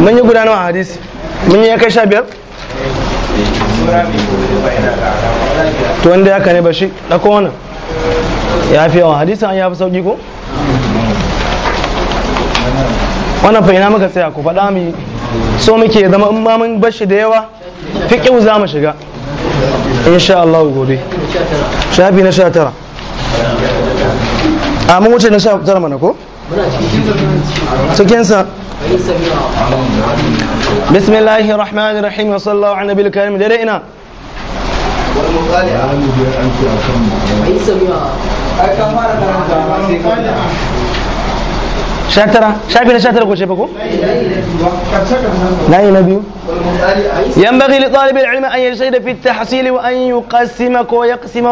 mun yi guda nawa hadisi mun yi ya kai sha biyar to wanda ya kane ba shi ɗako wannan ya fi yawan hadisan ya fi sauƙi ko wannan fa ina muka tsaya ku faɗa mu so muke zama in ma mun bashi da yawa fi fiƙiu za mu shiga insha Allah gobe shafi na sha tara a mun wuce na sha tara mana ko cikinsa bismillahi rahmanir rahim wa sallallahu ala nabiyil karim dare ina sha tara shafi na sha tara ko ce ko layi na biyu ينبغي لطالب العلم أن يجتهد في التحصيل وأن يقسم ويقسم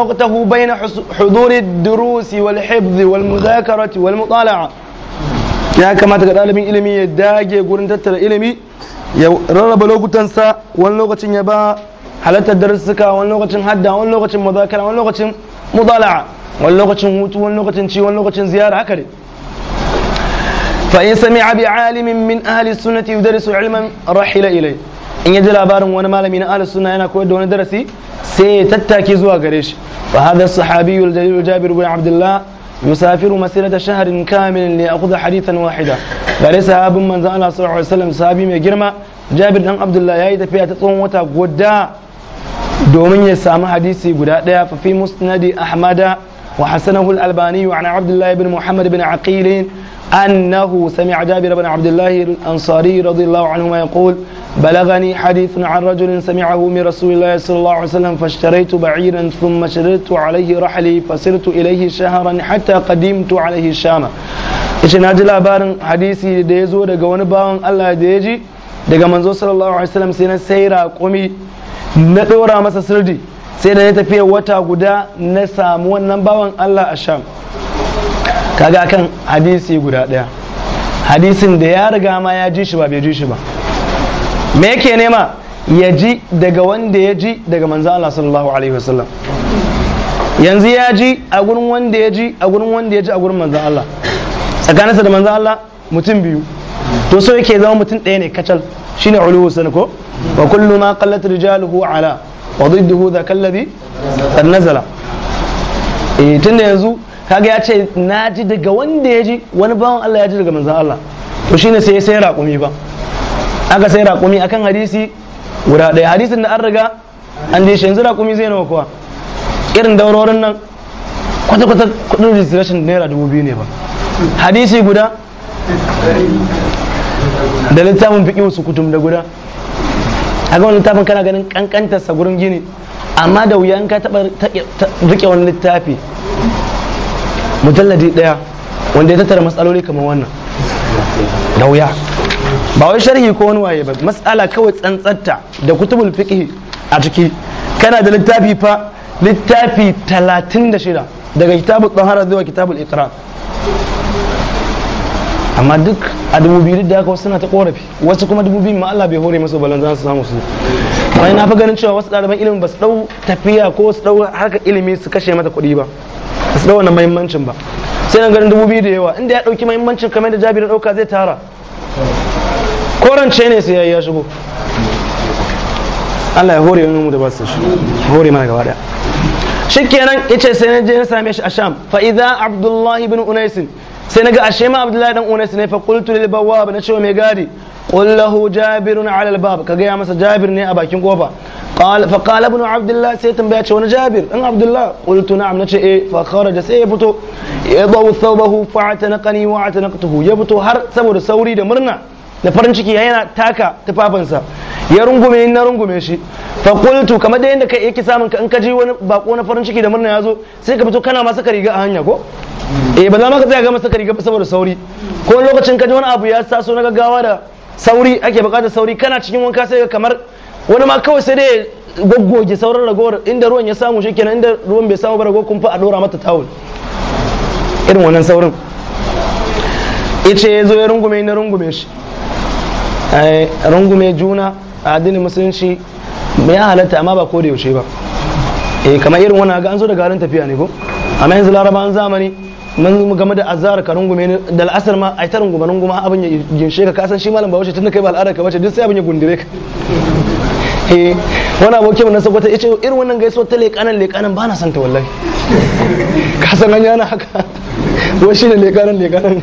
durusi wal حضور wal والحفظ wal والمطالعة ya kamata ga ɗalibin ilimi ya dage gurin tattara ilimi ya rarraba lokutansa wani lokacin ya ba halartar darussuka wani lokacin hadda wani lokacin muzakara wani lokacin mudala'a wani lokacin hutu wani lokacin ci wani lokacin ziyara haka dai فإن سمع بعالم من أهل السنة يدرس علما رحل إليه in ya ji labarin wani malami na ahli sunna yana koyar da wani darasi sai ya tattake zuwa gare shi wa hadha sahabiyyu al-jalil Jabir ibn Abdullah yusafiru masirata shahrin kamilin li ya'khudha hadithan wahida gare sahabin manzon Allah sallallahu alaihi wasallam sahabi mai girma Jabir dan Abdullah yayi tafiya ta tsawon wata guda domin ya samu hadisi guda daya fa fi musnadi Ahmada wa hasanahu al-Albani wa an Abdullah ibn Muhammad ibn Aqil أنه سمع جابر بن عبد الله الأنصاري رضي الله عنهما يقول بلغني حديث عن رجل سمعه من رسول الله صلى الله عليه وسلم فاشتريت بعيرا ثم شردت عليه رحلي فسرت إليه شهرا حتى قدمت عليه الشام na ji labarin hadisi da ya zo daga wani bawan Allah da ya ji daga manzo sallallahu alaihi wasallam sai na sai raƙumi na ɗora masa sirdi sai da tafiya wata guda na samu wannan bawan Allah a sham kaga kan hadisi guda daya hadisin da ya riga ma ya ji shi ba bai ji shi ba me yake nema ya ji daga wanda ya ji daga manzo Allah sallallahu alaihi wasallam yanzu ya ji a gurin wanda ya ji a gurin wanda ya ji a gurin manzo Allah tsakaninsa da manzo Allah mutum biyu to so yake zama mutum ɗaya ne kacal shine uluhu sun ko wa kullu ma qallat rijaluhu ala wa didduhu dhaka alladhi tanzala eh tunda yanzu kaga ya ce na ji daga wanda ya ji wani bawan Allah ya ji daga manzan Allah to shine sai sai raƙumi ba aka sai raƙumi akan hadisi guda ɗaya hadisin da an riga an je shi yanzu raƙumi zai nawa kuwa irin daurorin nan kwata-kwata kudin registration naira dubu biyu ne ba hadisi guda da littafin fiƙi su kutum da guda a ga wani littafin kana ganin kankantarsa gurin gini amma da wuya in ka taɓa riƙe wani littafi mujalladi daya wanda ya tattara matsaloli kamar wannan da wuya ba wai sharhi ko wani waye ba matsala kawai tsantsatta da kutubul fiqh a ciki kana da littafi fa littafi 36 daga kitabul tahara zuwa kitabul iqra amma duk a dubu biyu da aka wasu suna ta korafi wasu kuma dubu biyu ma Allah bai hore masu balon za su samu su bai na fi ganin cewa wasu ɗaliban ilimin ba su ɗau tafiya ko su ɗau harkar ilimi su kashe mata kuɗi ba da wani mahimmancin ba sai na ganin dubu biyu da yawa inda ya dauki mahimmancin kamar da jabi da dauka zai tara korance ne sai yayi ya shigo Allah ya hore wani mu da ba su shi hore mana gaba daya shikenan yace sai na je na same shi a Sham fa idza Abdullah ibn sai ga ashe ma abdullahi dan unas ne fa qultu lil bawwab na cewa mai gadi qul lahu jabirun ala al kaga ya masa jabir ne a bakin kofa qal fa qala ibn sai tambaya ce wani jabir dan abdullah qultu na nace eh fa da sai ya fito ya na thawbahu fa atanaqani na atanaqtuhu ya fito har saboda sauri da murna da farin ciki yana taka tufafinsa ya rungume na rungume shi fa qultu kamar da yanda yake samun ka in ka ji wani bako na farin ciki da murna zo sai ka fito kana ma saka riga a hanya ko eh ba za ma ka tsaya ga masa riga ba saboda sauri ko lokacin ka ji wani abu ya taso na gaggawa da sauri ake bukatar sauri kana cikin wanka sai ka kamar wani ma kawai sai dai goggoge sauran ragowar inda ruwan ya samu shi kenan inda ruwan bai samu ba ragowar kun fa a dora mata tawul irin wannan saurin Ya ce ya zo ya rungume na rungume shi Eh, rungume juna a addinin musulunci ya halatta amma ba ko da yaushe ba eh kamar irin wani ga an zo da garin tafiya ne ko amma yanzu laraba an zamani mun game da azhar ka rungume ne da al'asar ma ai ta rungume rungume abin ya ginshe ka kasan shi malam wace tunda kai ba al'ada ka bace duk sai abin ya gundire ka eh wani aboki mun sako ta yace irin wannan gaisuwa ta lekanan lekanan ba na santa wallahi kasan an yana haka wai shine lekanan lekanan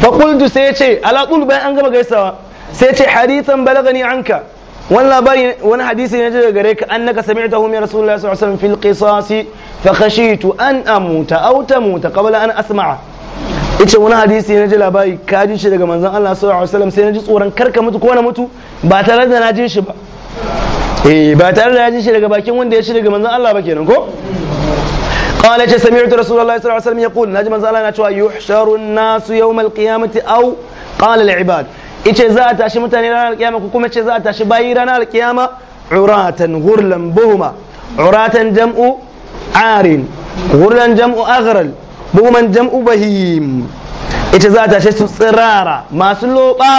faƙultu sai ya ce alaƙul bayan an gama gaisawa sai ya ce hadisan balagani anka wani labari wani hadisi ne daga gare ka annaka sami'tahu min rasulullahi sallallahu alaihi wasallam fil qisasi fa khashitu an amuta aw tamuta qabla an asma'a yace wani hadisi ne ji labari ka ji shi daga manzon Allah sallallahu alaihi wasallam sai na ji tsoron karka mutu ko na mutu ba tare da na ji shi ba eh ba tare da na ji shi daga bakin wanda ya shi daga manzon Allah ba kenan ko قال ce sami'tu rasulullahi sallallahu alaihi wasallam yaqul naji manzo Allah na cewa yuhsharu an-nasu yawmal qiyamati aw qala al-ibad ice za a tashi mutane ranar alkiyama ko kuma ce za a tashi bayi ranar alkiyama uratan ghurlan buhuma uratan jam'u arin ghurlan jam'u aghral buhuman jam'u bahim ita za a tashi su tsirara masu loba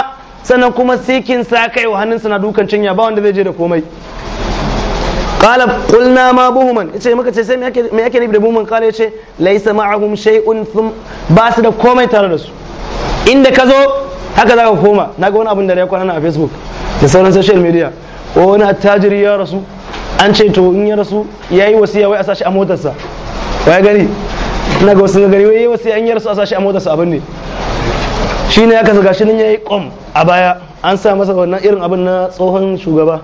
sannan kuma sikin kai wa hannunsa dukan cinya ba wanda zai je da komai qala qulna ma buhuman yace muka ce sai me yake nufi da buhuman qala yace laisa ma'ahum shay'un thum ba su da komai tare da su inda ka zo haka za ka koma naga wani abin da ya kwana a facebook da sauran social media wani attajiri ya rasu an ce to in ya rasu ya yi wasiya wai a sashi a motarsa wai gani na ga wasu gari wai wasiya in ya rasu a sashi a motarsa abin ne shi ne aka zaga shi nan yi kom a baya an sa masa wannan irin abin na tsohon shugaba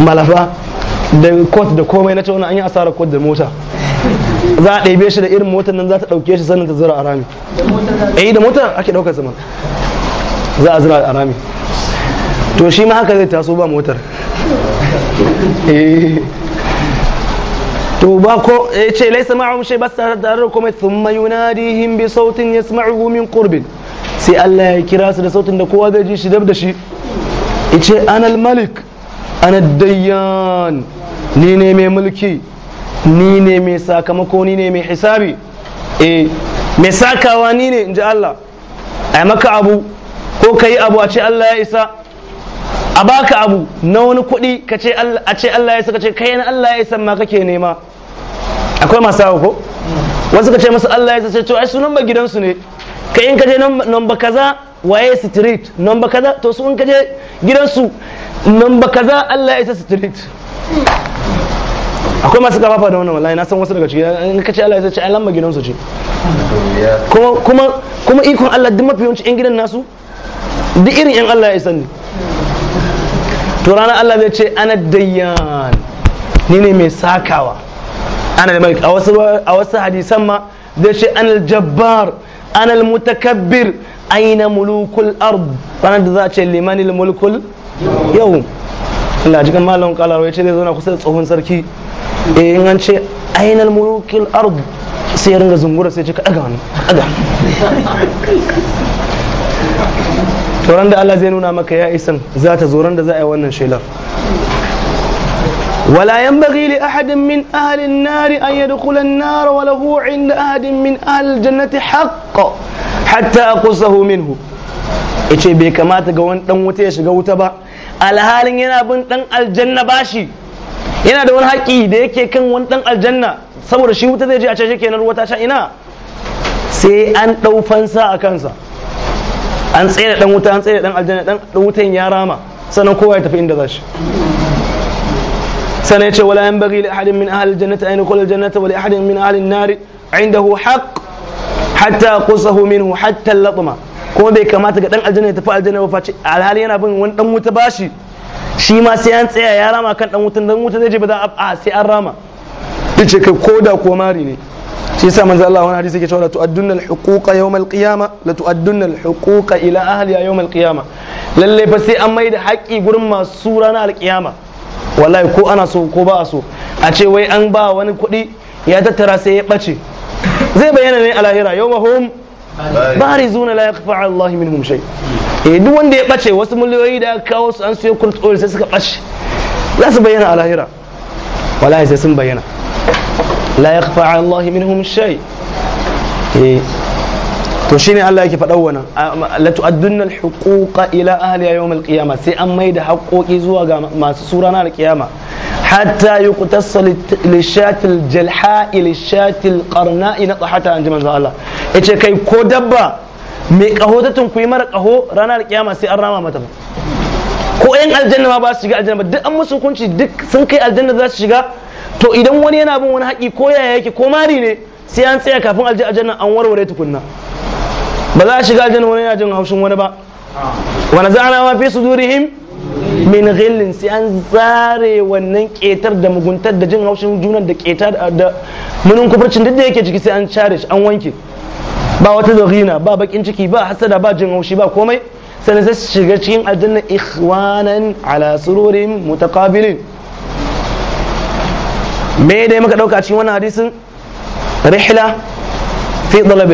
malafa da kot da komai na ce wani an yi asarar kot da mota za a ɗebe shi da irin motar nan za ta ɗauke shi sannan ta zura a rami eh da motar ake ɗaukar sama za a zura a rami to shi ma haka zai taso ba motar eh. to ba ko eh, ce laisa ma'ahum shay bas tarar da kuma thumma yunadihim bi sautin yasma'uhu min qurbin sai Allah ya kira su da sautin da kowa zai ji shi dab da shi yace anal malik ana dayyan ni ne mai mulki ni ne mai sakamako ni ne mai hisabi e mai sakawa ni ne in ji Allah a maka abu ko ka yi abu a ce Allah ya isa a baka abu na wani kuɗi a ce Allah ya isa ka ce kai na Allah ya isa ma kake nema akwai masu hawa ko wasu ka ce masu Allah ya isa ce to ai su ba gidansu ne ka in ka je ba kaza waye street ba kaza to su in ka je gidansu ba kaza Allah ya isa street akwai masu kafafa da wannan wallahi na san wasu daga ciki in ka ce Allah ya sace ai lamba gidansu ce kuma kuma kuma ikon Allah duk mafi yawanci yan gidan nasu duk irin yan Allah ya sani to ranar Allah zai ce ana dayyan ni ne mai sakawa ana da mai a wasu a wasu hadisan ma zai ce ana jabbar ana mutakabbir aina mulukul ard ranar da za a ce limanil mulkul yau Allah jikan malam kalarwa ya ce zai zauna kusa da tsohon sarki eh in an ce ainihin mulukin ard sai ya ringa zungura sai ce ka daga wani. da Allah zai nuna maka ya isan za ta zo da za a yi wannan shelar ولا ينبغي لأحد من أهل النار أن يدخل النار وله عند أحد من أهل الجنة حق حتى أقصه منه yace bai kamata ga wani dan wuta ya shiga wuta ba alhalin yana bin dan aljanna bashi yana da wani haƙi da yake kan wani ɗan aljanna saboda shi wuta zai je a can kenan ruwa ta sha ina sai an ɗau fansa a kansa an tsere ɗan wuta an tsere ɗan aljanna ɗan wutan ya rama sannan kowa ya tafi inda za shi sannan ya ce wala yan bagi li ahadin min ahli aljannati an yadkhula aljannata wa li ahadin min ahli an-nar indahu haqq hatta qusahu minhu hatta latma kuma bai kamata ga ɗan aljanna ya tafi aljanna ba face alhali yana bin wani ɗan wuta bashi shi ma sai an tsaya ya rama kan dan wutan dan wutan zai je ba za a sai an rama yace kai koda ko mari ne shi yasa manzo Allah wani hadisi yake cewa tu'addunna al-huquqa qiyama la hukuka ila ahliha yawm qiyama lalle fa sai an mai da haƙi gurin masu ranar alƙiyama wallahi ko ana so ko ba a so a ce wai an ba wani kuɗi ya tattara sai ya ɓace zai bayyana ne a lahira yawma hum barizuna la yakhfa ala Allah minhum shay eh duk wanda ya bace wasu miliyoyi da kawo su an sayo kurt oil sai suka bace za su bayyana a lahira wallahi sai sun bayyana la yakhfa ala Allah minhum shay eh to shine Allah yake faɗa wannan la tu'addunna huquqa ila ahliha yawm al-qiyamah sai an maida haƙoƙi zuwa ga masu su ranar al hatta yuqtassa li al-jalha ila al-qarna ina tahata an jama'a Allah yace kai ko dabba mai kaho ta tun kuyi mara kaho ranar al sai an rama mata ko yan aljanna ma ba su shiga aljanna duk an musu hukunci duk sun kai aljanna za su shiga to idan wani yana bin wani haƙi ko yaya yake ko mari ne sai an tsaya kafin aljanna an warware tukunna ba za a shiga aljanna wani yana jin haushin wani ba wani za'ana ma fi sudurihim min ghillin sai an zare wannan ketar da muguntar da jin haushin junan da ketar da munin kufurcin duk da yake ciki sai an share shi an wanke ba wata zaghina ba bakin ciki ba hasada ba jin haushi ba komai sai sai su shiga cikin aljanna ikhwanan ala sururin mutaqabilin me dai muka dauka cikin wannan hadisin rihla fi talab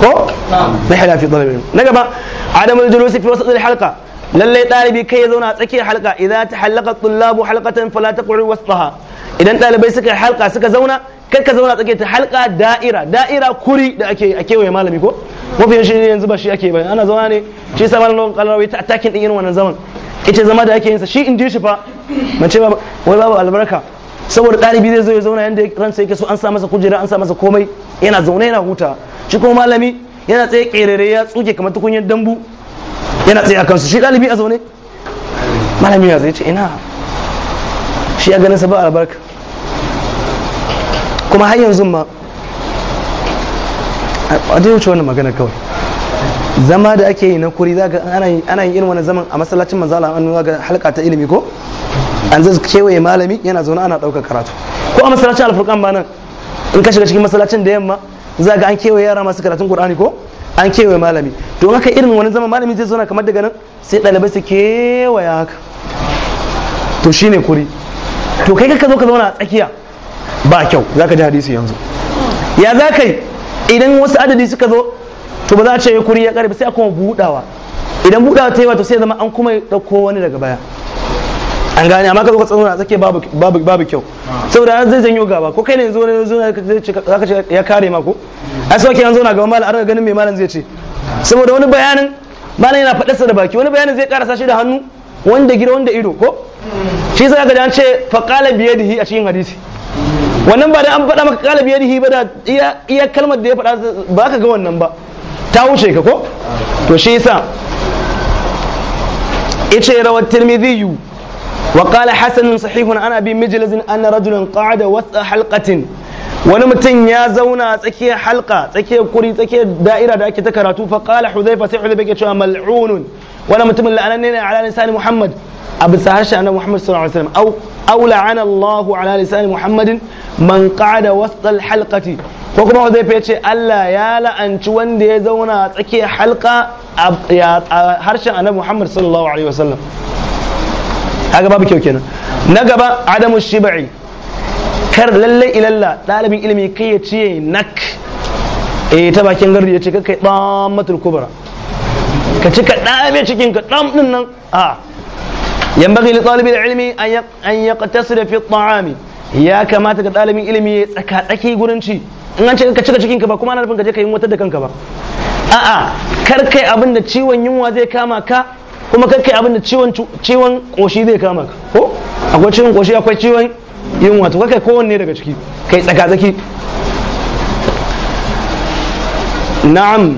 ko na hada fi na gaba adamul julusi fi wasat halqa lallai ɗalibi kai ya zauna a tsakiyar halka idan ta halaka tullabu halqatan fala taqru wasfaha idan ɗalibai suka halka suka zauna kai ka zauna tsakiyar ta halka da'ira da'ira kuri da ake a kewaye malami ko mafi shi yanzu ba shi ake ba ana zauna ne shi yasa malamin kalarawi ta attacking din irin wannan zaman ita zama da ake yin sa shi in ji shi fa mace ba wai babu albarka saboda ɗalibi zai zo ya zauna yanda ransa yake so an sa masa kujera an sa masa komai yana zaune yana huta Cikin malami yana tsaye kerere ya tsuke kamar tukunyar dambu yana tsaye a kansu shi ɗalibi a zaune malami ya zai ce ina shi ya ganin sabon albarka kuma har yanzu ma a dai wuce wannan magana kawai zama da ake yi na kuri za ga ana yin irin wani zaman a masallacin manzo Allah an ga halka ta ilimi ko an zai kewaye malami yana zaune ana ɗaukar karatu ko a masallacin alfurkan ba nan in ka shiga cikin masallacin da yamma za ga an kewaye yara masu karatun qur'ani ko an kewaye malami to haka irin wani zama malami zai zauna kamar daga nan sai ɗalibai su kewaye haka to shine kuri to kai ka zo ka zauna a tsakiya ba kyau za ka ji hadisi yanzu ya za ka yi idan wasu adadi suka zo to ba za a ce kuri ya karbi sai a kuma budawa idan budawa ta yi wato sai zama an kuma ɗauko wani daga baya an gane amma ka zo ka a tsakiyar babu babu kyau saboda an zai janyo gaba ko kai ne zo ne zo zaka ce ya kare ma ko ai sauke an na gaba malam an ganin me malam zai ce saboda wani bayanin malam yana faɗarsa da baki wani bayanin zai karasa shi da hannu wanda gida wanda ido ko shi zaka ga an ce da biyadihi a cikin hadisi wannan ba da an faɗa maka kala biyadihi ba da iya kalmar da ya faɗa ba ka ga wannan ba ta wuce ka ko to shi yasa ice rawar tirmidhi وقال حسن صحيح عن ابي مجلس ان رجلا قعد وسط حلقه wani mutum ya zauna tsakiyar halka tsakiyar kuri tsakiyar da'ira da ake ta karatu fa qala hudhaifa sai hudhaifa yake cewa mal'unun wani mutumin la'ananne ne ala lisani muhammad abu sahashi annabi muhammad sallallahu alaihi wasallam aw la'ana allah ala lisani muhammadin man qa'ada wasqal halqati ko kuma hudhaifa yace Allah ya la'anci wanda ya zauna a tsakiyar halka a harshen annabi muhammad sallallahu alaihi wasallam kaga babu kyau kenan na gaba adamu shibai kar lallai ilalla ɗalibin ilimi kai ya ce nak eh ta bakin gardi ya ce kai dan matul kubra ka cika ka dame cikin ka dan din nan a yanbaghi li talibil ilmi an yaqtasira fi at-ta'ami ya kamata ga ɗalibin ilimi ya tsaka tsaki gurin ci in an ce ka cika cikin ka ba kuma ana nufin ka je ka yi wata da kanka ba a'a kar kai abin da ciwon yunwa zai kama ka kuma kai abin da ciwon ciwon koshi zai kama ka ko akwai ciwon koshi akwai ciwon yin wato kai kowanne daga ciki kai tsaka-tsaki na'am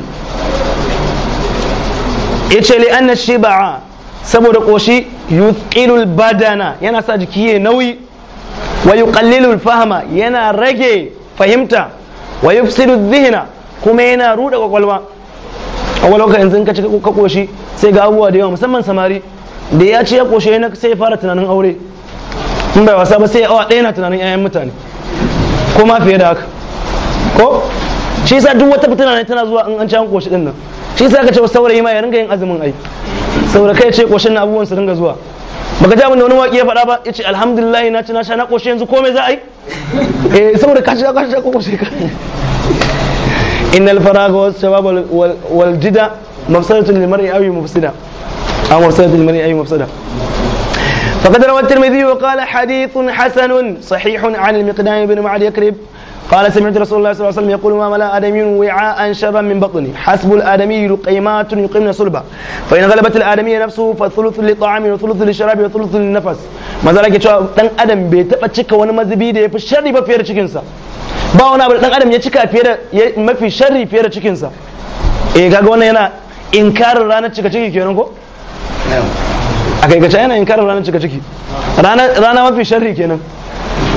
yace li anna shiba'a saboda koshi yuthqilul badana yana sa jiki ya nauyi wa yuqallilul fahma yana rage fahimta wa yufsidu dhihna kuma yana ruda kwakwalwa a walauka yanzu ka ci ka koshi sai ga abubuwa da yawa musamman samari da ya ci ya koshe na sai ya fara tunanin aure in bai wasa ba sai awa ɗaya na tunanin 'ya'yan mutane ko ma fiye da haka ko shi yasa duk wata fitina ne tana zuwa in an ci an koshi din nan shi yasa ka ce saurayi ma ya ringa yin azumin ai saura kai ce koshin na abubuwan su ringa zuwa baka ji abinda da wani waƙi ya faɗa ba ya ce alhamdulillah na ci na sha na koshi yanzu komai za a yi eh saboda ka ci ka koshi ka إن الفراغ والشباب والجدع مفسدة للمرء أو مفسدة أو مفسدة للمرء أي مفسدة فقد روى الترمذي وقال حديث حسن صحيح عن المقدام بن معد يكرب قال سمعت رسول الله صلى الله عليه وسلم يقول ما ملا ادمي وعاء شرا من بطني حسب الادمي لقيمات يقيمن صلبا فان غلبت الادمي نفسه فثلث للطعام وثلث للشراب وثلث للنفس ما ذلك دان ادم بي تبا cika wani mazubi da yafi sharri ba fiye da ba wani abu dan adam ya cika fiye mafi sharri fiye da cikin kaga wannan yana inkarin ranar cika kenan ko a kai ga yana inkarin ranar cika rana rana sharri kenan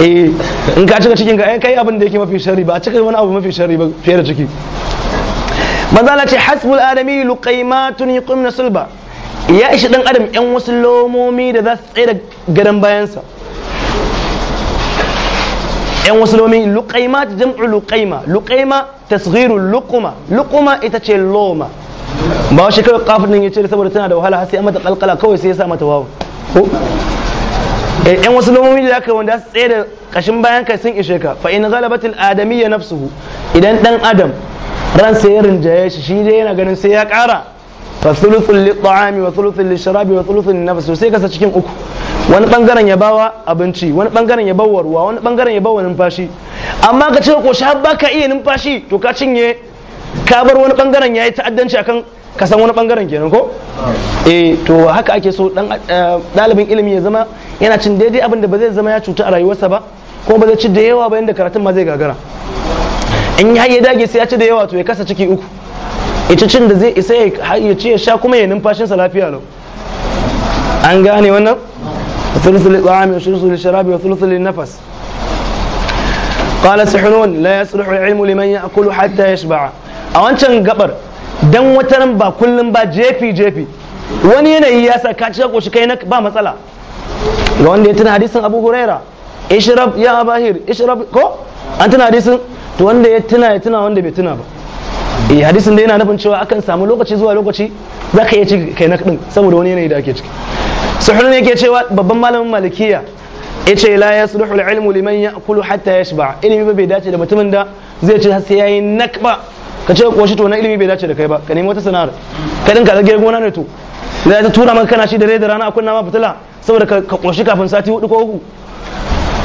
Eh, in ka cika cikin ka ai eh, kai abin da yake mafi sharri ba a cika wani abu mafi sharri ba fiye da ciki Allah ce hasbul adami luqaymatun yuqimna sulba ya ishi dan adam yan wasu lomomi da za su tsaye da gadon bayansa yan wasu lomomi luqaymat jam'u luqayma luqayma tasghiru luquma luquma ita ce loma ba shi kawai kafin ya ce saboda tana da wahala har sai mata kalkala kawai sai ya sa mata wawu Eh, yan wasu lomomi da aka wanda su tsaye da kashin bayan ka sun ishe ka fa in ghalabatil ya nafsuhu idan dan adam ran sai ya rinjaye shi shi dai yana ganin sai ya kara fa thuluthul lit'ami wa thuluthul lishrabi wa thuluthul nafsu sai kasa cikin uku wani bangaren ya bawa abinci wani bangaren ya bawa ruwa wani bangaren ya bawa numfashi amma ka ce ko har baka iya numfashi to ka cinye ka bar wani bangaren yayi ta'addanci akan ka san wani bangaren kenan ko eh to haka ake so dan dalibin eh, ilimi ya zama yana cin daidai abin da ba zai zama ya cuta a rayuwarsa ba kuma ba zai ci da yawa ba yanda karatun ma zai gagara in ya yi dage sai ya ci da yawa to ya kasa ciki uku ita cin da zai isa ya ci ya sha kuma ya numfashinsa lafiya lau an gane wannan ثلث للطعام وثلث للشراب وثلث للنفس قال سحنون لا يصلح العلم لمن يأكل حتى يشبع a wancan gabar dan wataran ba kullum ba jefi jefi wani yanayi ya sa ka cika koshi kai na ba matsala ga wanda ya tuna hadisin abu huraira ishrab ya abahir ishrab ko an tuna hadisin to wanda ya tuna ya tuna wanda bai tuna ba eh hadisin da yana nufin cewa akan samu lokaci zuwa lokaci za ka iya ci kai na din saboda wani yanayi da ake ciki suhul yake cewa babban malamin malikiya ce la ya al-ilmu liman kulu hatta shiba ilimi ba bai dace da mutumin da zai ci sai yayi nakba ka ce koshi to na ilimi bai dace da kai ba ka nemi wata sana'ar ka dinka zage gona ne to da ta tura maka kana shi da da rana a kunna ma fitila saboda ka koshi kafin sati hudu ko uku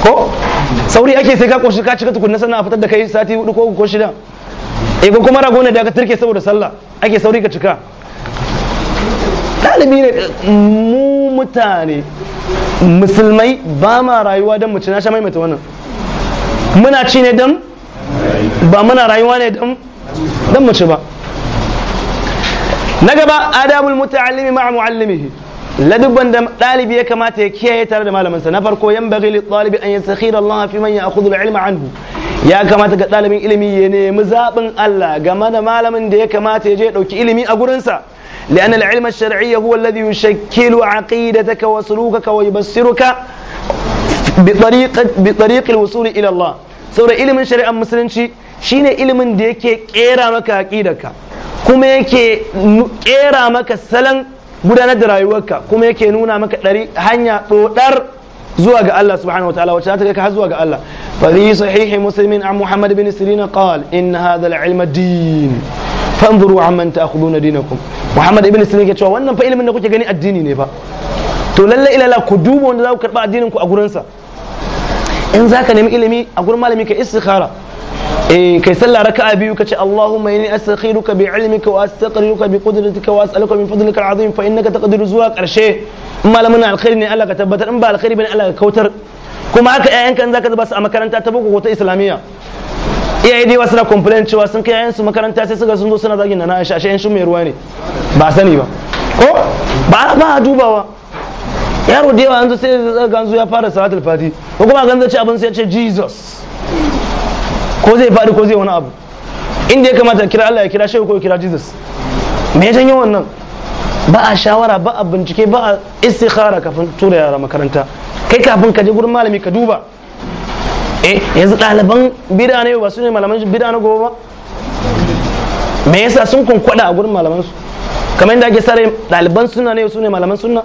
ko sauri ake sai ka koshi ka cika tukunna sannan a fitar da kai sati hudu ko uku ko shida eh ko kuma rago ne da ka turke saboda sallah ake sauri ka cika ɗalibi ne mu mutane musulmai ba ma rayuwa don mu na sha maimaita wannan muna ci ne don ba muna rayuwa ne don ba na gaba adabul muta'allimi ma'a mu'allimihi ladubban da ɗalibi ya kamata ya kiyaye tare da malamansa na farko yan bagi li ɗalibi an yasakhir Allah fi man ya'khudhu al-ilma anhu ya kamata ga ɗalibin ilimi ya nemi zaɓin Allah game da malamin da ya kamata ya je ya ɗauki ilimi a gurinsa لأن العلم الشرعي هو الذي يشكل عقيدتك وسلوكك ويبصرك بطريقة بطريق الوصول إلى الله saboda ilimin shari'ar musulunci shine ilimin da yake kera maka aqidarka kuma yake kera maka salon gudanar da rayuwarka kuma yake nuna maka ɗari hanya ɗoɗar zuwa ga Allah subhanahu wataala wacce ta kai har zuwa ga Allah fa fi sahihi muslimin an muhammad bin sirina qal in hadha fanzuru amman ta'khuduna dinakum Muhammad ibn Sirin yake cewa wannan fa ilimin da kuke gani addini ne fa to lalle ila ku duba wanda za ku karba addinin ku a gurin sa in zaka nemi ilimi a gurin malami ka istikhara eh kai sallah raka'a biyu kace Allahumma inni astakhiruka bi ilmika wa astaqdiruka bi qudratika wa as'aluka min fadlika al'azim fa innaka taqdiru zuwa karshe in malamin alkhairi ne Allah ka tabbatar in ba alkhairi bane Allah ka kautar kuma haka ƴaƴanka in zaka zuba su a makaranta ta boko ko ta islamiyya iyaye dai wasu na complain cewa sun kai su makaranta sai suka sun zo suna zagin na Aisha shi shi mai ruwa ne ba sani ba ko ba ba dubawa yaro da yawa yanzu sai ganzu ya fara salatul fati ko kuma ganzu ce abin sai ya ce Jesus ko zai fadi ko zai wani abu inda ya kamata kira Allah ya kira shehu ko kira Jesus me ya janyo wannan ba a shawara ba a bincike ba a istikhara kafin tura yara makaranta kai kafin ka je gurin malami ka duba eh yanzu ɗaliban bida ne ba su ne malaman bida na gobe ba me yasa sun kunkwada a gurin malaman su kamar yadda ake sare ɗaliban suna ne su ne malaman sunna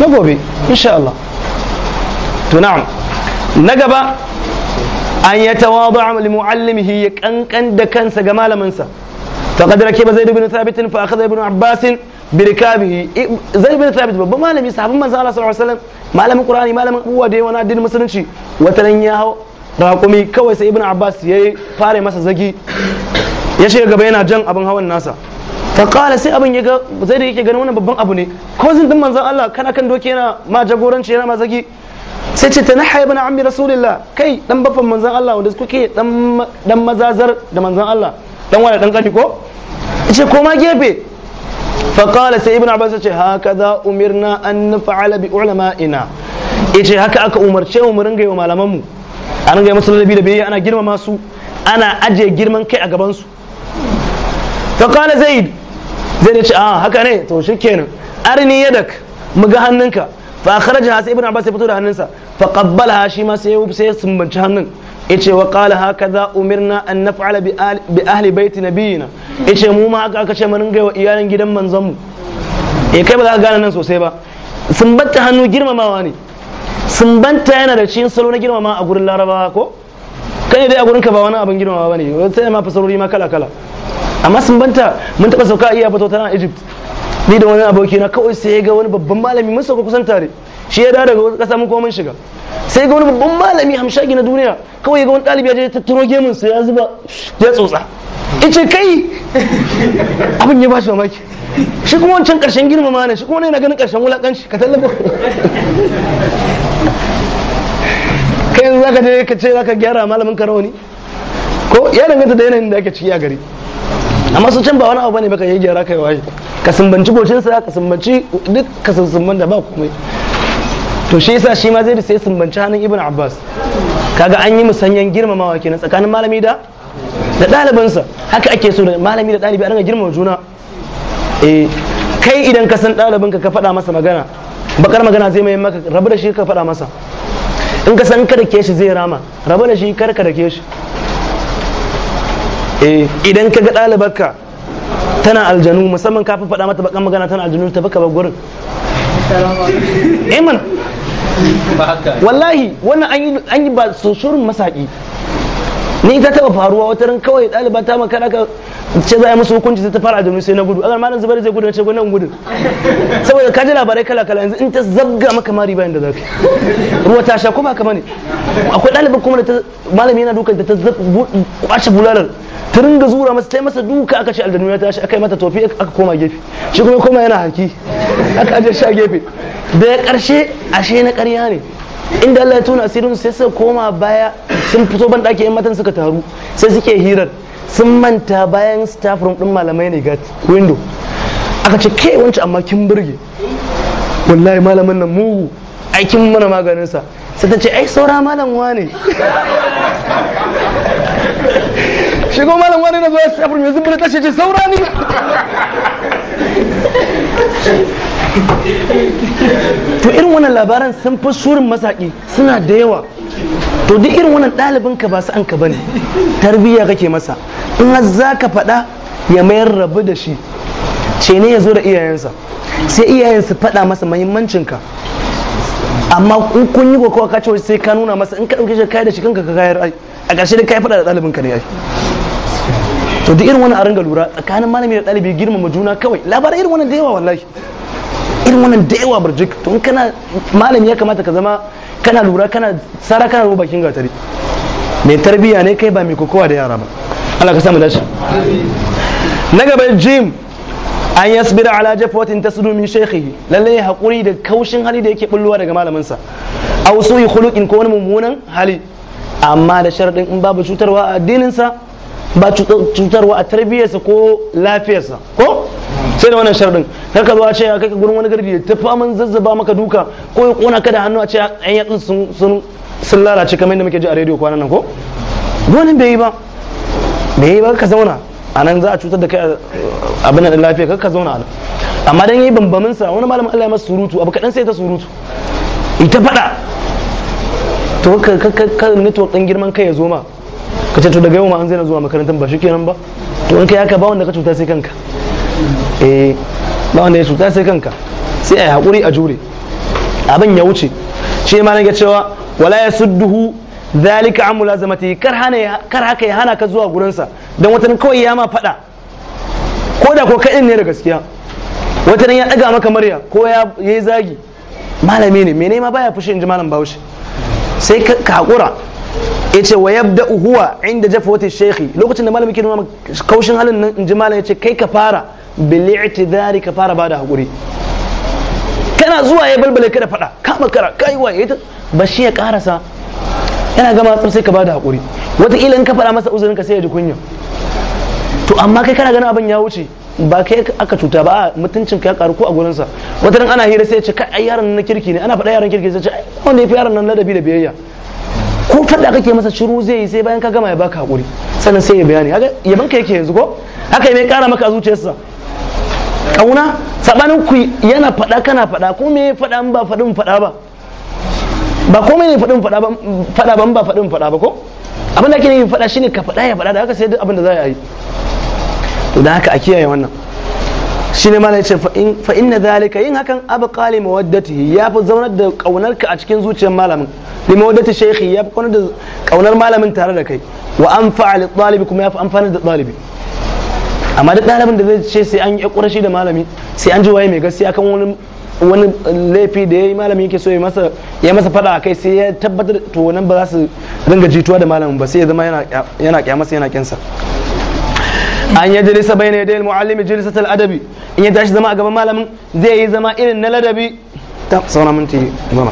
na gobe insha Allah to na'am na gaba an ya tawadu li muallimihi ya kankan da kansa ga malamansa. malaminsa faqad zai dubi ibn thabit fa akhadha ibn abbasin birkabihi zai bin thabit babban malami sahabin manzo Allah sallallahu alaihi wasallam malamin qur'ani malamin abubuwa da yawa na addinin musulunci wata nan ya hau raƙumi kawai sai ibn abbas ya fara masa zagi ya shiga gaba yana jan abin hawan nasa faƙala sai abin ya ga zai da yake ganin wannan babban abu ne ko zin din manzo Allah kana kan doki yana ma jagoranci yana ma zagi sai ce tanaha ibn ammi rasulillah kai dan baffan manzo Allah wanda kuke dan dan mazazar da manzo Allah dan wani dan kani ko ce ko ma gefe faƙala sai ibn abbas ce haka za umirna an nafa'ala bi ulama'ina yace haka aka umarce mu mu ringa yi malaman mu a ringa yi musu ladabi da biyayya ana girmama su ana aje girman kai a gabansu. su faƙala zaid zai ce a haka ne to kenan arni yadak mu ga hannunka fa kharaja sai ibn abbas ya fito da hannunsa fa qabbalaha shi ma sai ya sumbanci hannun yace wa qala hakaza umirna an naf'ala bi ahli baiti nabiyina yace mu ma haka aka ce mu ringa wa iyalan gidan manzon mu eh kai ba za ka gane nan sosai ba sun batta hannu girmamawa ne sun banta yana da cikin salo na girmama a gurin larabawa ko kai dai a gurin ka ba wani abin girmama bane sai ma fasarori ma kala kala amma sun banta mun taba sauka iya fito tana Egypt ni da wani aboki na kawai sai ya ga wani babban malami mun sauka kusan tare shi ya dawo daga wasu ƙasa mun kuma mun shiga sai ga wani babban malami hamshaki na duniya kawai ga wani ɗalibi ya je tattaro gemun sa ya zuba ya tsotsa ce kai abin ya ba shi mamaki shi kuma wancan ƙarshen girmama ne shi kuma yana ganin ƙarshen wulaƙanci ka tallafa kai yanzu zaka je ka ce zaka gyara malamin karawani ko ya danganta da yanayin da ake ciki a gari amma su can ba wani abu bane baka yi gyara kai waye ka sumbanci gocinsa ka sumbanci duk ka sumbanta ba komai to shi yasa shi ma zai sai sumbanci hannun ibn abbas kaga an yi musanyen girmamawa kenan tsakanin malami da da ɗalibansa haka ake so da malami da ɗalibi a ringa girmama juna eh kai idan ka san ɗalibinka ka faɗa masa magana bakar magana zai mai maka rabu da shi ka faɗa masa in ka san kada ke shi zai rama rabu da shi kar ka dake shi eh idan ka ga ɗalibarka tana aljanu musamman kafin faɗa mata bakan magana tana aljanu ta baka bar gurin eh wallahi wannan an yi ba soshorin masaki ni ta taɓa faruwa wata ran kawai ɗaliba ta makara ka ce za a yi musu hukunci sai ta fara da sai na gudu azar malam zubar zai gudu na ce gwanan gudu saboda ka ji labarai kala kala yanzu in ta zabga maka mari bayan da zafi ruwa ta sha ko ba kamar ne akwai ɗaliba kuma da ta malami yana dukan da ta kwace bulalar ta ringa zura masa tai masa duka aka ce aljanu ya shi aka yi mata tofi aka koma gefe shi kuma koma yana haki aka aje shi a gefe da ya karshe ashe na karya ne inda Allah ya tuna asirin sai suka koma baya sun fito ban ɗaki yan matan suka taru sai suke hirar sun manta bayan staff room din malamai ne ga window aka ce ke wancan amma kin burge wallahi malamin nan mugu aikin mana maganinsa sai ta ce ai saura malam ne. shigo malam wani na zo ya safar mai zumbura tashi ce saura ni to irin wannan labaran sun fi surin masaƙi suna da yawa to duk irin wannan ɗalibin ka ba su an ka bane tarbiyya kake masa in har za ka faɗa ya mayar rabu da shi ce ne ya zo da iyayensa sai iyayensu faɗa masa mahimmancin ka amma kun yi kokawa ka ce sai ka nuna masa in ka ɗauke shi kai da shi kanka ka kayar ai a ƙarshe da yi faɗa da ɗalibin ka ne ai to duk irin wannan a ringa lura tsakanin malami da ɗalibi girmama juna kawai labarai irin wannan da yawa wallahi irin wannan da yawa barjik to kana malami ya kamata ka zama kana lura kana tsara kana ruwa bakin gatari mai tarbiyya ne kai ba mai kokowa da yara ba Allah ka samu dace na gaba jim an yasbira ala jafatin tasdu min shaykhihi lalle hakuri da kaushin hali da yake bullowa daga malaminsa aw su'i khuluqin ko wani mummunan hali amma da sharadin in babu cutarwa a addinin sa ba cutarwa a tarbiyyarsa ko lafiyarsa ko sai da wannan sharadin kar ka zo a ce ya kai gurin wani gardi ta faman zazzaba maka duka ko ya kona ka da hannu a ce yan yatsun sun sun lalace kamar yadda muke ji a rediyo kwanan nan ko wannan bai yi ba bai yi ba ka zauna a nan za a cutar da kai abin da lafiya kar ka zauna a nan amma dan yi bambamin sa wani malamin Allah ya masa surutu abu kadan sai ta surutu ita fada to ka ka ka network din girman kai ya zo ma ka ce to daga yau ma an zai na zuwa makarantar ba shi kenan ba to in kai haka ba wanda ka cuta sai kanka eh ba wanda ya cuta sai kanka sai a yi hakuri a jure abin ya wuce shi ma nake cewa wala ya yasudduhu zalika an mulazamati kar hana kar haka ya hana ka zuwa gurinsa don watan kawai ya ma fada ko da ko kaɗin ne da gaskiya watan ya daga maka murya ko ya yi zagi malami ne mene ma baya fushi inji malam Bahaushe sai ka hakura yace wa yabda'u huwa inda wata shekhi lokacin da malamin ke nuna kaushin halin nan ji malam yace kai ka fara bil i'tidari ka fara bada hakuri kana zuwa ya balbale ka da fada ka makara kai wa ita ba shi ya karasa yana gama tsar sai ka bada hakuri wataƙila in ka fara masa uzurin ka sai ya ji kunya to amma kai kana ganin abin ya wuce ba kai aka cuta ba mutuncin ka ya karu ko a gurinsa wata ana hira sai ya ce kai yaron na kirki ne ana faɗa yaron kirki sai ya ce wanda ya fi yaron nan ladabi da biyayya ko fada kake masa shiru zai yi sai bayan ka gama ya baka hakuri sannan sai ya bayani haka yaban ka yake yanzu ko haka ne kara maka zuciyarsa kauna sabanin ku yana fada kana fada ko me ya fada ba fadin fada ba ba komai ne fadin fada ba fada ba ba fadin fada ba ko abin da ake nufi fada shine ka fada ya fada da haka sai duk abin da za a yi to da haka a kiyaye wannan Shi ne mana ce fa inna zalika yin hakan abqa li mawaddatihi ya fi zaunar da kaunarka a cikin zuciyar malamin li mawaddati shaykhi ya fi kaunar da kaunar malamin tare da kai wa anfa li talibi kuma ya fi amfani da talibi amma da ɗalibin da zai ce sai an yi ƙurashi da malami sai an ji waye mai gaskiya kan wani wani laifi da ya yi malami yake so ya masa ya masa fada a kai sai ya tabbatar to nan ba za su ringa jituwa da malamin ba sai ya zama yana yana yana kyansa an ya jalisa bai ne dai mu'allimi ta al'adabi in ya tashi zama a gaban malamin zai yi zama irin na ladabi ta saura minti goma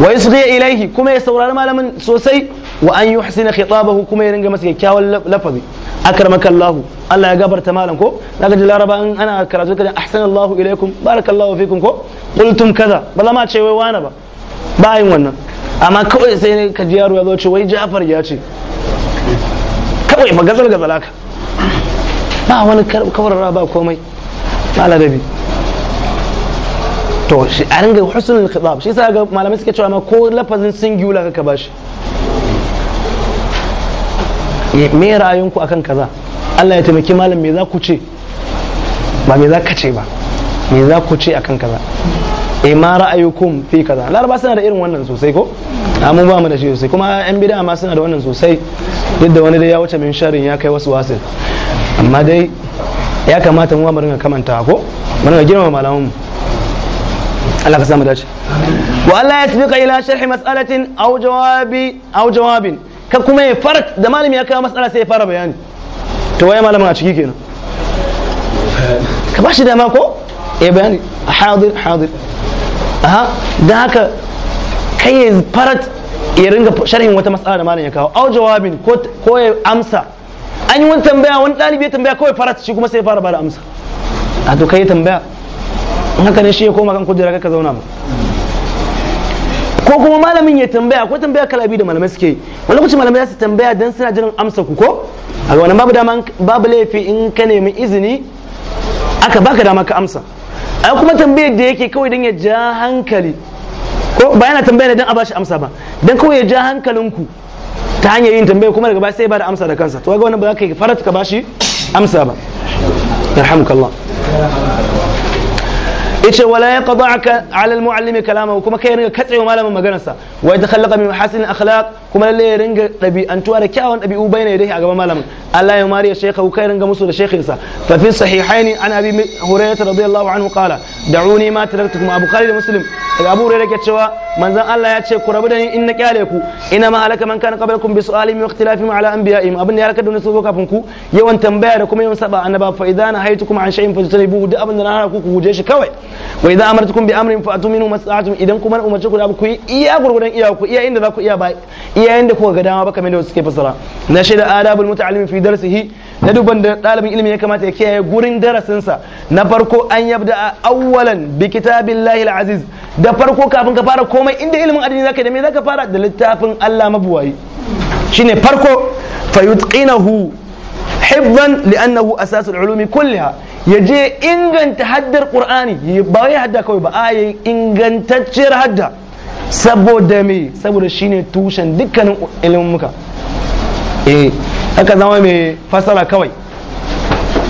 wa yusghi ilaihi kuma ya saurari malamin sosai wa an yi yuhsina khitabahu kuma ya ringa masa kyakkyawan lafazi akramaka Allah Allah ya gabarta malam ko daga ji laraba in ana karatu kadan ahsanallahu ilaikum barakallahu fikum ko qultum kaza bala ma ce wai wani ba ba yin wannan amma kawai sai ka jiyaru yaro ya zo ce wai Ja'far ya ce kawai magazal gazalaka ba wani kawarara ba komai ba ladabi to shi a ringa husnul khitab shi yasa ga malamai suke cewa ma ko lafazin singular kaka bashi me ra'ayinku akan kaza Allah ya taimaki malam me za ku ce ba me za ka ce ba me za ku ce akan kaza e ma ra'ayukum fi kaza laraba suna da irin wannan sosai ko amma ba mu da shi sosai kuma yan bid'a ma suna da wannan sosai yadda wani da ya wuce min sharin ya kai wasu wasil amma dai ya kamata mu mu ringa kamanta ko mu ringa girma malamun mu Allah ka samu dace wa Allah ya tafi ila sharhi mas'alatin aw jawabi aw jawabin ka kuma ya fara da malami ya kawo mas'ala sai ya fara bayani to waye malamin a ciki kenan ka bashi dama ko ya bayani hadir hadir aha da haka kai ya fara ya ringa sharhin wata mas'ala da malamin ya kawo aw jawabin ko ko ya amsa an yi wani tambaya wani ɗalibi ya tambaya kawai fara shi kuma sai fara bada amsa a to kai tambaya in haka ne shi ya koma kan kujera ka zauna ba ko kuma malamin ya tambaya ko tambaya kalabi da malamai suke wani lokacin malamai za su tambaya dan suna jiran amsa ku ko a ga wannan babu dama babu laifi in ka nemi izini aka baka dama ka amsa ai kuma tambayar da yake kawai dan ya ja hankali ko ba yana tambaya dan a bashi amsa ba dan kawai ya ja hankalinku ta hanyar yin tambaya kuma daga baya sai ba da amsa da kansa to ga wannan ba za ka yi farat ka bashi amsa ba yarhamukallah yace wala ya qada'aka ala muallimi kalamahu kuma kai ringa katsewa malamin maganarsa wa yatakhallaqa min al akhlaq kuma lalle ya ringa dabi'antuwa da kyawun dabi'u bayna yadayhi a gaban malamin Allah ya mariya shaykhahu kai ringa musu da sa fa fi sahihain an abi hurayra radiyallahu anhu qala da'uni ma taraktukum abu khalid muslim daga abu hurayra ke cewa manzon Allah ya ce ku rabu da ni in na kyale ku ina ma alaka man kana qablakum bi su'alim wa ikhtilafihim ala anbiya'im abin da ya raka da wani sabo kafin ku yawan tambaya da kuma yawan saba annaba fa idana haytukum an shay'in fajtanibuhu duk abin da na hana ku ku guje shi kawai wa idan amartukum bi amrin fa atuminu mas'atum idan kuma na umarci ku da ku yi iya gurgudan iya ku iya inda za ku iya ba iya inda kuka ga dama ba kamar da suke fasara na shaida adabul muta'allim fi darsihi na duban da ɗalibin ilimi ya kamata ya kiyaye gurin darasinsa na farko an yabda awwalan bi kitabillahi aziz da farko kafin ka fara komai inda ilimin addini zaka da me zaka fara da littafin Allah mabuwayi shine farko fayutqinahu hibban li'annahu asasul ulumi kulliha yaje inganta haddar qur'ani ba wai hadda kawai ba ayi ingantacciyar hadda saboda me saboda shine tushen dukkanin ilimin muka eh, aka zama mai fasara kawai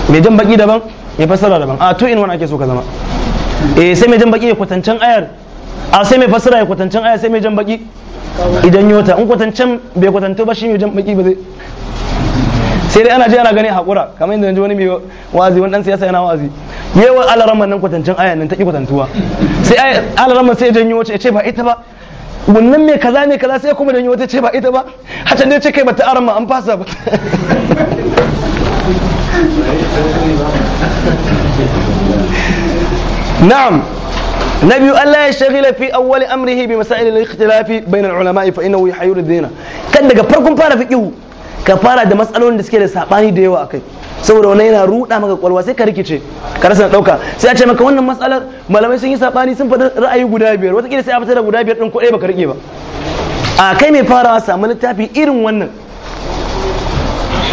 mai jan baki daban mai fasara daban a to in wani ake so ka zama eh sai mai jan baki ya kwatancan ayar a sai mai fasara ya kwatancan ayar sai mai jan baki idan yota in kwatancan bai kwatanto ba shi mai jan baki ba zai sai dai ana je ana gani hakura kamar yadda wani mai wazi wani dan siyasa yana wazi yawa alaraman nan kwatancan ayar nan ta ki kwatantuwa sai alaraman sai janyo wace ce ba ita ba wannan mai kaza ne kaza sai kuma da wata ce ba ita ba hata dai ce kai bata arama an fasa ba na'am na biyu Allah ya shagila fi awwali amrihi bi masail al-ikhtilafi bain al-ulama fa innahu yuhayyir da din kan daga farkon fara fiqhu ka fara da matsalolin da suke da sabani da yawa a kai. saboda wannan yana ruda maka kwalwa sai ka rikice ka rasa dauka sai a ce maka wannan matsalar malamai sun yi sabani sun faɗi ra'ayi guda biyar wataƙila sai a fitar da guda biyar ɗin ko ɗaya baka rike ba a kai mai farawa samu littafi irin wannan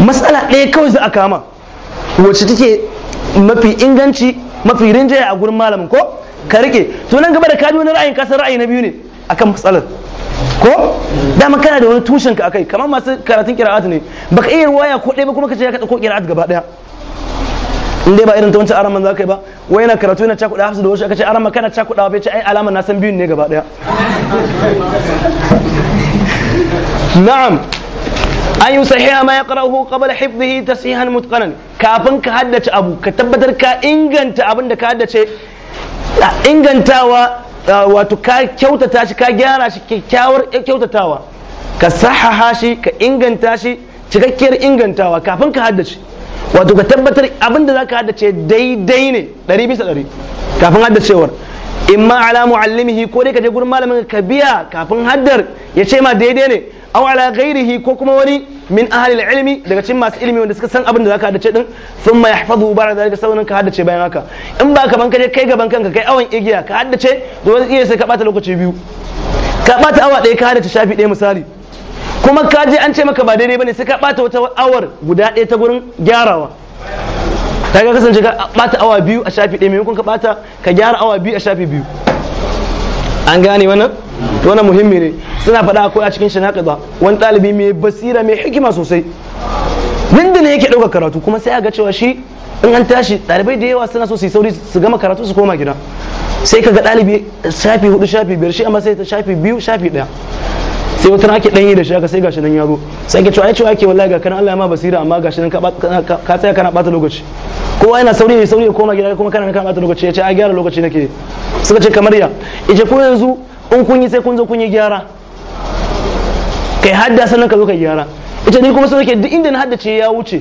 matsala ɗaya kawai za a kama wacce take mafi inganci mafi rinjaye a gurin malamin ko ka rike to nan gaba da ka wani ra'ayin kasar ra'ayi na biyu ne akan matsalar ko dama kana da wani tushen ka akai kamar masu karatun qira'at ne baka iya ruwaya ko ɗaya ba kuma ka ce ka dauko qira'at gaba daya in dai ba irin ta wancan araman za ka yi ba wai yana karatu yana cakuɗa hafsu da wasu aka ce araman kana cakuɗa ba ce ai alama na san biyun ne gaba daya na'am an yi sahiha ma ya ƙarahu qabla ta sihan mutqanan kafin ka haddace abu ka tabbatar ka inganta abin da ka haddace ingantawa wato ka kyautata shi ka gyara shi kyakkyawar kyautatawa ka sahaha shi ka inganta shi cikakkiyar ingantawa kafin ka haddace wato ka tabbatar abin da zaka haddace daidai ne ɗari bisa ɗari kafin haddacewar imma ala muallimihi ko dai ka je gurin malamin ka biya kafin haddar ya ce ma daidai ne aw ala ghairihi ko kuma wani min ahli ilmi daga cikin masu ilimi wanda suka san abin da zaka hadace din thumma yahfazuhu bar da saunan ka hadace bayan haka in ba ka ka je kai gaban kanka kai awan igiya ka hadace to wani iya sai ka bata lokaci biyu ka bata awa daya ka hadace shafi daya misali kuma ka je an ce maka ba daidai bane sai ka bata wata awar guda daya ta gurin gyarawa ta ga kasance ka bata awa biyu a shafi daya maimakon ka bata ka gyara awa biyu a shafi biyu an gane wannan to wannan muhimmi ne suna faɗa akwai a cikin shanaqiza wani ɗalibi mai basira mai hikima sosai nan da ne yake ɗaukar karatu kuma sai a ga cewa shi in an tashi ɗalibai da yawa suna so su yi sauri su gama karatu su koma gida sai ka ga ɗalibi shafi hudu shafi biyar shi amma sai ta shafi biyu shafi ɗaya sai wata ake ɗanyi da shi aka sai gashi nan yaro sai ka cewa ai cewa ake wallahi ga kana Allah ya ma basira amma gashi nan ka tsaya kana bata lokaci kowa yana sauri ne sauri ya koma gida kuma kana kana bata lokaci ya ce a gyara lokaci nake suka ce kamar ya ije ko yanzu in kun yi sai kun zo kun yi gyara kai hadda sannan ka zo ka gyara ita ni kuma sai ke duk inda na haddace ya wuce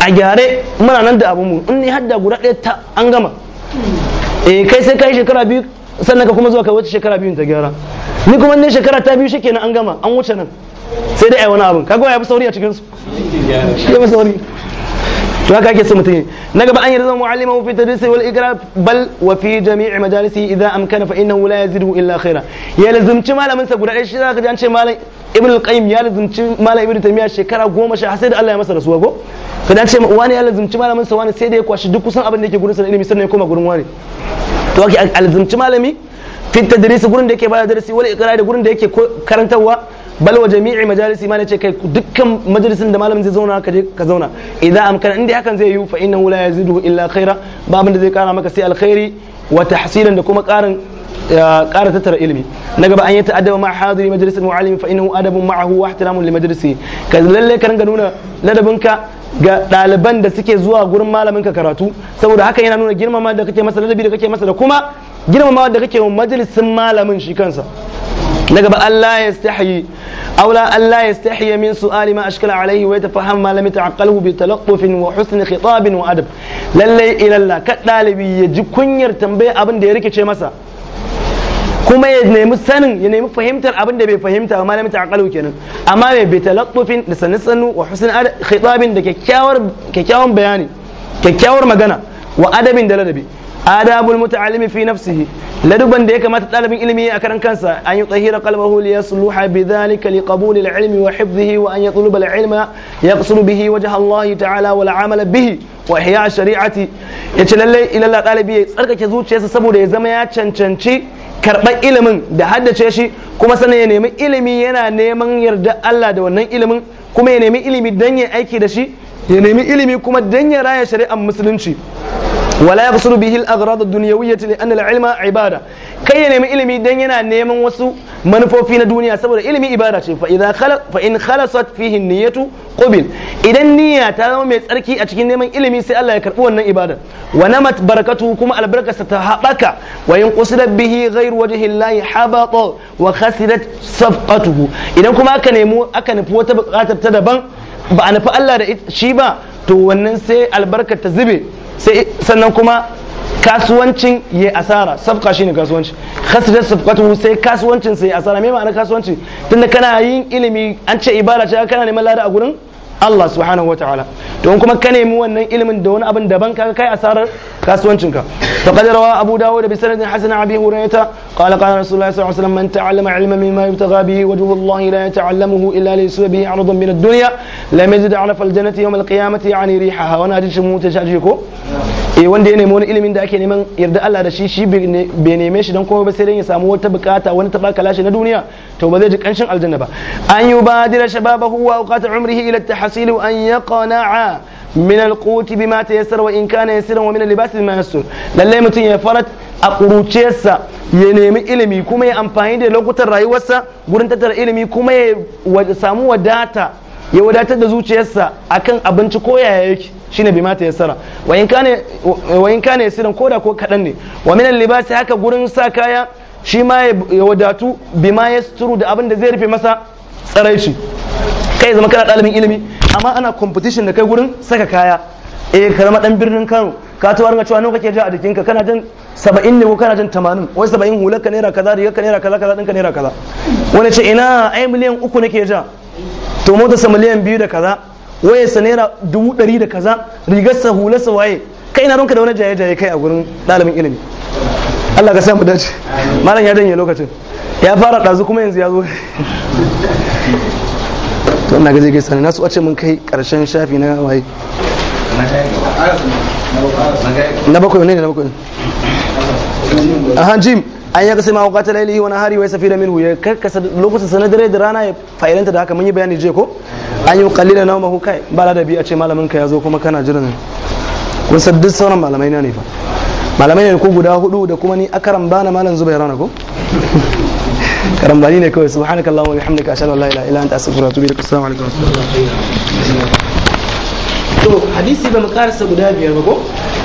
a gyare muna nan da abun mu in ne hadda guda ɗaya ta an gama eh kai sai kai shekara biyu sannan ka kuma zuwa ka wuce shekara biyu ta gyara ni kuma ne shekara ta biyu nan an gama an wuce nan sai dai ai wani abin kaga ya fi sauri a cikin su ya fi sauri to haka ake so mutum na gaba an yarda mu'allimahu fi tadrisi wal ikra bal wa fi jami'i majalisi idza amkana fa innahu la yazidu illa khaira ya lazumci malamin sa guda ɗaya shi zaka ji an ce malam ibn qayyim ya lazumci malam ibnu taymiya shekara goma sha sai da Allah ya masa rasuwa go ka dan ce wani ya lazumci malamin sa wani sai da ya kwashi duk kusan abin da yake gurin sa ilimi sannan ya koma gurin wani to haka alzumci malami fi tadrisi gurin da yake bada darasi wal ikra da gurin da yake karantarwa bal wa jami'i majalisi ma nace kai dukkan majalisin da malamin zai zauna kaje ka zauna idan amkana inda hakan zai yi fa innahu la yaziduhu illa khaira ba abin da zai kara maka sai alkhairi wa tahsilan da kuma karin ƙara tattara ilimi na gaba an yi ta'addaba ma hadiri majalisin mu'allimi fa innahu adabun ma'ahu wa ihtiramun li majalisi ka lalle ka ringa nuna ladabinka ga ɗaliban da suke zuwa gurin malaminka karatu saboda haka yana nuna girmama da kake masa ladabi da kake masa da kuma girmama da kake wa majalisin malamin shi kansa na gaba Allah ya stahi أولى أن لا يستحي من سؤال ما أشكل عليه ويتفهم ما لم يتعقله بتلطف وحسن خطاب وأدب للي إلى الله كالطالبي يجي كنير تنبيه أبن ديريكي شي مسا kuma ya nemi sanin ya nemi fahimtar abin da bai fahimta ba malamin ta'aqalu kenan amma mai bi talaqqufin da sanin sanu wa husn khitabin da kyakkyawar kyakkyawan bayani kyakkyawar magana wa adabin da ladabi adabul muta'allimi fi nafsihi laduban da ya kamata ɗalibin ilimi a karan kansa an yi tsahira kalmahu li yasluha bi dhalika li qabul al ilmi wa hifzihi wa an yatluba al ilma yaqsulu bihi wajha Allah ta'ala wal amala bihi wa ihya shari'ati yace lalle ilalla ɗalibi ya tsarkake zuciyarsa saboda ya zama ya cancanci karɓar ilimin da haddace shi kuma sannan ya nemi ilimi yana neman yarda Allah da wannan ilimin kuma ya nemi ilimi dan ya aiki da shi ya nemi ilimi kuma dan ya raya shari'ar musulunci wala yahsulu bihi al-aghrad ad-dunyawiyyah li ibada kai ya nemi ilimi dan yana neman wasu manufofi na duniya saboda ilimi ibada ce fa idza khala fa in niyyatu qubil idan niyya ta zama mai tsarki a cikin neman ilimi sai ala ya karbi wannan ibadar wa namat barakatu kuma albarkarsa ta habaka wa in qusida bihi ghairu wajhi Allah habata wa khasirat safatuhu idan kuma aka nemi aka nufi wata bukatar ta daban ba a nufi Allah da shi ba to wannan sai albarkar ta zube sannan kuma kasuwancin ya asara safka shine kasuwanci khasidat safkatu sai kasuwancin sai asara me ma'ana kasuwanci tunda kana yin ilimi an ce ibada ce kana neman lada a gurin Allah subhanahu wa ta'ala to in kuma ka nemi wannan ilimin da wani abin daban kaga kai asarar kasuwancinka faqad rawa abu dawud da bisanadin hasan abi hurayta qala qala rasulullah sallallahu alaihi wasallam man ta'allama ilman mimma yubtagha bihi wajhu Allah la yata'allamuhu illa li yusiba bihi 'aradan min ad-dunya lam yajid 'ala al-jannati yawm al-qiyamati yani rihaha wa najishu mutashaji ko eh wanda ya nemi wani ilimin da ake neman yarda Allah da shi shi bai neme shi don komai ba sai dan ya samu wata bukata wani taba kalashi na duniya to ba zai ji kanshin aljanna ba an yubadira shababahu wa awqat umrihi ila at-tahsil wa an yaqna'a min al-qut bima tayassar wa in kana yasiran wa min al-libas bima yassur lalle mutun ya farat a ya nemi ilimi kuma ya amfani da lokutan rayuwarsa gurin tattara ilimi kuma ya samu wadata ya wadatar da zuciyarsa akan abinci ko yaya yake shine bi mata yassara wa in kana wa in koda ko kadan ne wa min libasi haka gurin sa kaya shi ma ya wadatu bi ma yasturu da abin da zai rufe masa tsaraici kai zama kana dalibin ilimi amma ana competition da kai gurin saka kaya eh karama dan birnin Kano ka ta warin cewa nawa kake ji a jikinka kana jin 70 ne ko kana jin 80 wai 70 hular ka naira kaza rigar ka naira kaza kaza din ka naira kaza wani ce ina ai miliyan uku nake ja to sa miliyan biyu da kaza sa naira dubu ɗari da kaza sa hula sa waye kai na ronka da wani jaye-jaye kai a gurin ɗalibin ilimi Allah ka sa mu dace malam ya danye lokacin ya fara ɗazu kuma yanzu ya zo to ina gaje gaisa ne na su wace mun kai ƙarshen shafi na waye na bakwai ne na bakwai a jim an ya kasima wakata laili wani hari wai safira da minhu ya karkasa lokacin sa dare da rana ya fa'ilanta da haka mun yi bayani je ko an yi kalila na mahu kai ba ladabi a ce malamin ka ya zo kuma kana jiran kun san duk sauran malamai na ne fa malamai ne ko guda hudu da kuma ni akaran bana malam zubai rana ko karambani ne kawai subhanakallahu wa bihamdika ashhadu an la ilaha illa anta astaghfiruka wa atubu ilaik assalamu alaikum to hadisi ba mu karasa guda biyar ba ko